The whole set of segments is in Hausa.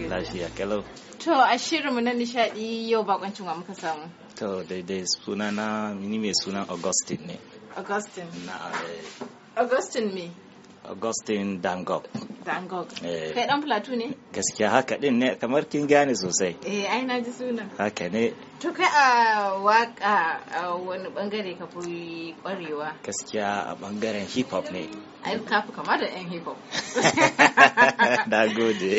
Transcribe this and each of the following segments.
Lafiya kalau. To a shirinmu na nishadi yau bakoncin wa muka samu. To daidai suna na mini mai suna Augustine ne. Augustine. Na eh. Augustine me? Augustine Dangop. Van Gogh. Eh. Kai dan Plateau ne? Gaskiya haka din ne kamar kin gane sosai. Eh ai na ji sunan. Haka ne. To kai a waka wani bangare ka fi kwarewa? Gaskiya a bangaren hip hop ne. Ai ka fi kama da yan hip hop. Na gode.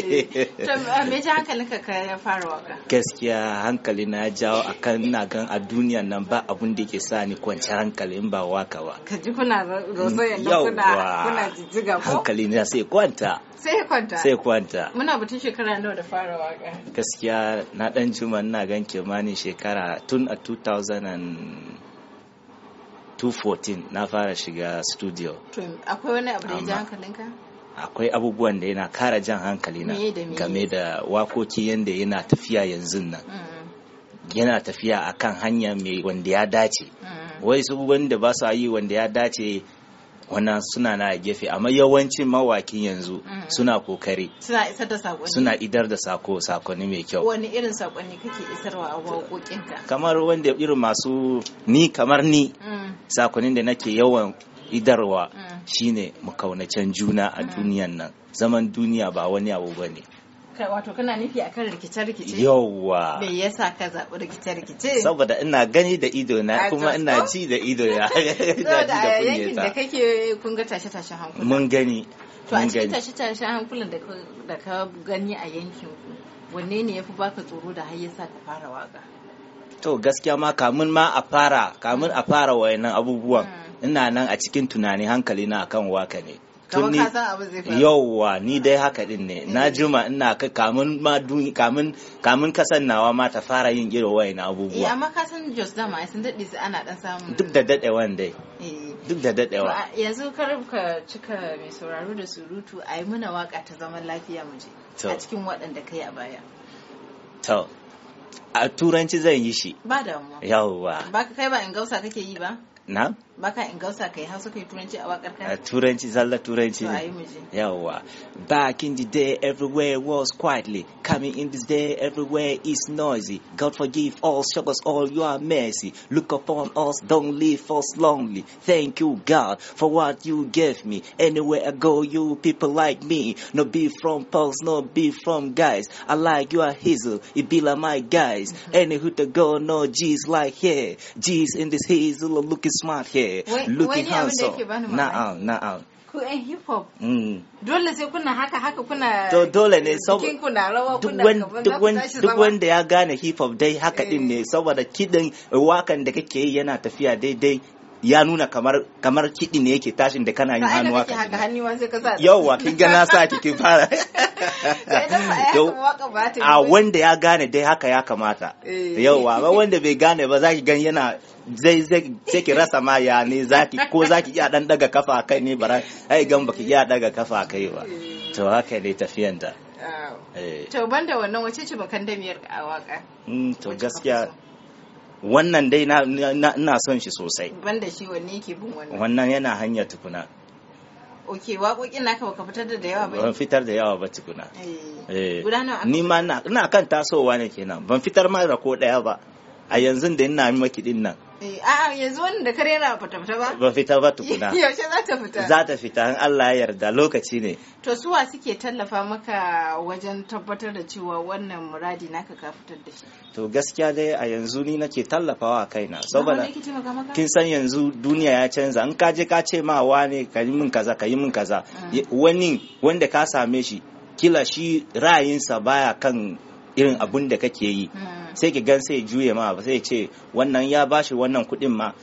To me ji hankalin ka fara waka? Gaskiya hankali na jawo akan na gan a duniyan nan ba abun da ke sa ni kwanciyar hankali in ba waka ba. Ka ji kuna rosayen kuna kuna jijjiga ko? Hankali na sai kwanta. kwanta sai kwanta sai kwanta muna batun shekara nawa da fara waka gaskiya na dan juma ina gan kimanin shekara tun a 2014 na fara shiga studio akwai wani abu da ya ji hankalinka akwai abubuwan da yana kara jan hankali na game da wakoki yadda yana tafiya yanzu nan mm. yana tafiya akan hanya mai wanda ya dace mm. wai su wanda ba su yi wanda ya dace wannan suna na a gefe amma yawancin mawakin yanzu mm. suna kokari suna isar da sakonni suna idar da sako sakonni mai kyau wani irin sakonni kake isarwa a waƙoƙinka kamar wanda irin masu ni kamar ni mm. sakonnin da nake yawan idarwa mm. shine mu kaunacen juna a duniyan nan zaman duniya ba wani abu ba ne wato kana nufi akan rikice-rikice yawwa me yasa ka zaɓi rikice-rikice saboda ina gani da ido na kuma ina ji da ido ya da yankin da kake kun ga tashe-tashen hankula mun gani to a cikin tashe-tashen hankulan da ka gani a yankin ku wanne ne yafi baka tsoro da har yasa ka fara waka to gaskiya ma kamun ma a fara kamun a fara wayannan abubuwan mm. ina nan a cikin tunani hankali na akan waka ne tun yauwa ni dai haka din ne na juma ina ka kamun ma kamun kamun kasan nawa ma ta fara yin irin wayan abubuwa eh, amma ka san Jos da ma sun dade su ana dan samu duk da dadewan dai eh. duk da wa yanzu kar ka cika mai sauraro da surutu ai muna waka ta zaman lafiya mu je a cikin waɗanda kai a baya to a turanci zan yi shi ba damuwa yauwa ba kai ba in gausa kake yi ba na baka in gausa kai hausa kai turanci a wakar turanci zalla turanci ne yawa back in the day everywhere was quietly coming in this day everywhere is noisy god forgive us show us all your mercy look upon us don't leave us lonely thank you god for what you gave me anywhere i go you people like me no be from pulse no be from guys i like your hazel it be like my guys mm -hmm. any who to go no g's like here g's in this hazel looking smart here eh looking handsome na'am na'am ku ɗan hip hop mm. dole sai kuna haka haka kuna to dole ne kuna rawa kuna duk wanda ya gane hip hop dai haka din ne eh. saboda kidin wakan da kake yi yana tafiya daidai ya nuna kamar kamar kiɗi ne yake tashin da kana yin hannuwa ka haka hannuwa sai ka sa yawa kin ga na sa ki kin fara a wanda ya gane dai haka ya kamata eh. Yawwa ba wanda bai gane ba zaki gan yana zai zai ki rasa ma ya ne zaki ko zaki iya dan daga kafa kai ne bara ai gan baki iya daga kafa kai ba to haka ne tafiyan eh. da to banda wannan wace ce bakan damiyar a waka mm, to gaskiya wannan dai na son shi sosai banda shi wanne yake bin wannan wannan yana hanyar tukuna ok waƙoƙin naka baka fitar da yawa ba ban fitar da yawa ba tukuna eh, eh ni ma ina kan tasowa ne kenan ban fitar ma da ko daya ba a yanzu da ina maki din nan Eh, a'a yanzu wannan da kare fita ba? Ba fita ba tukuna. Yaushe za ta fita? Za ta fita in Allah ya yarda lokaci ne. To suwa suke tallafa maka wajen tabbatar da cewa wannan muradi naka ka fitar da shi? To gaskiya dai a yanzu ni nake tallafawa kaina. Saboda kin san yanzu duniya ya canza in ka je ka ce ma wane ka yi min kaza ka yi min kaza. Mm. Wani wanda ka same shi kila shi ra'ayinsa baya kan irin abun da kake yi hmm. sai ki gan sai juye ma sai ce wannan ya bashi wannan kuɗin ma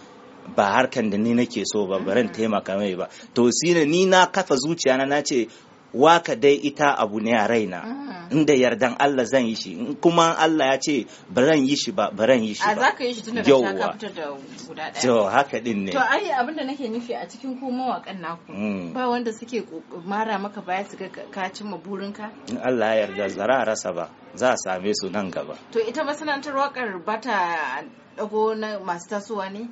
ba harkan da ni nake so ba barin hmm. taimaka mai ba to sai ni na kafa zuciya na ce waka dai ita abu ne a raina ah. inda yardan Allah zan yi shi kuma Allah ya ce baran yi shi ba baran yi shi ba a zaka yi shi tun da ka fitar da guda daya. to haka din ne to ai abin da nake nufi a cikin ku mawakan naku mm. ba wanda suke mara maka baya su ga ka cimma burinka Allah ya yarda zara rasa ba za a same su nan gaba to ita masana'antar wakar bata dago na masu tasowa ne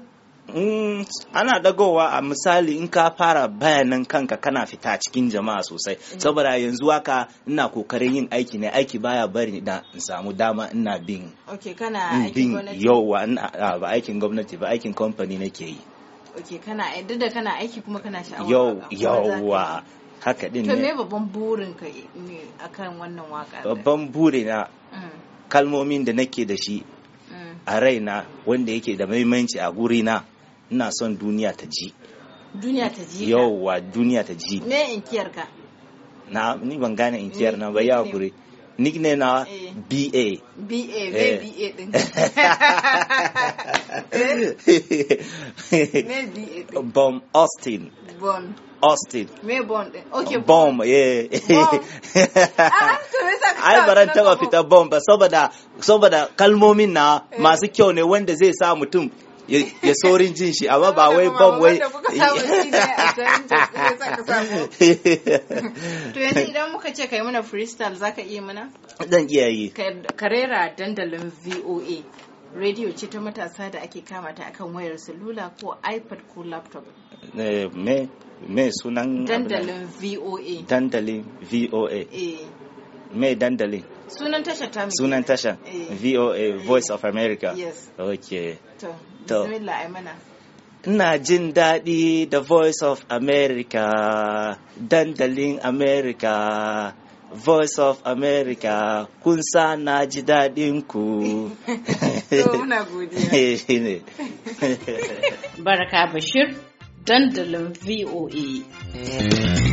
Mm, ana dagowa a misali in ka fara bayanan kanka kana fita cikin jama'a sosai mm. saboda yanzu haka ina kokarin yin aiki ne aiki baya bari da in samu dama ina bin okay bin ba aikin gwamnati ba aikin kamfani nake yi okay kana eh, duk da kana aiki kuma kana sha'awa yawa haka din ne to me babban burin ka ne akan wannan waka babban burina mm. kalmomin da nake da shi a raina wanda yake da muhimmanci a gurina ina son duniya ta ji duniya ta ji yauwa duniya ta ji in inkiyar ka na ni ban gane inkiyar na ba ya gure ne na BA. BA, BA BA din. Bom Austin. Bom Austin. Me Bon din. Okay. Bomb, yeah. Ah, Ai baran taba fita bomb ba saboda saboda kalmomin na eh. masu kyau ne wanda zai sa mutum ya saurin jin shi amma ba wai bam wai to yanzu idan muka ce kai mana freestyle ka iya mana dan iya yi karera dandalin VOA rediyo ce ta matasa da ake kama ta akan wayar salula ko ipad ko laptop eh, me me sunan dandalin voa dandalin voa eh. mai dandalin sunan tashar ta sunan tashar eh. voa voice of america yes ok to ina jin daɗi da voice of america dandalin america voice of america kun sa na ji daɗin ku eh, baraka bashir dandalin voa mm.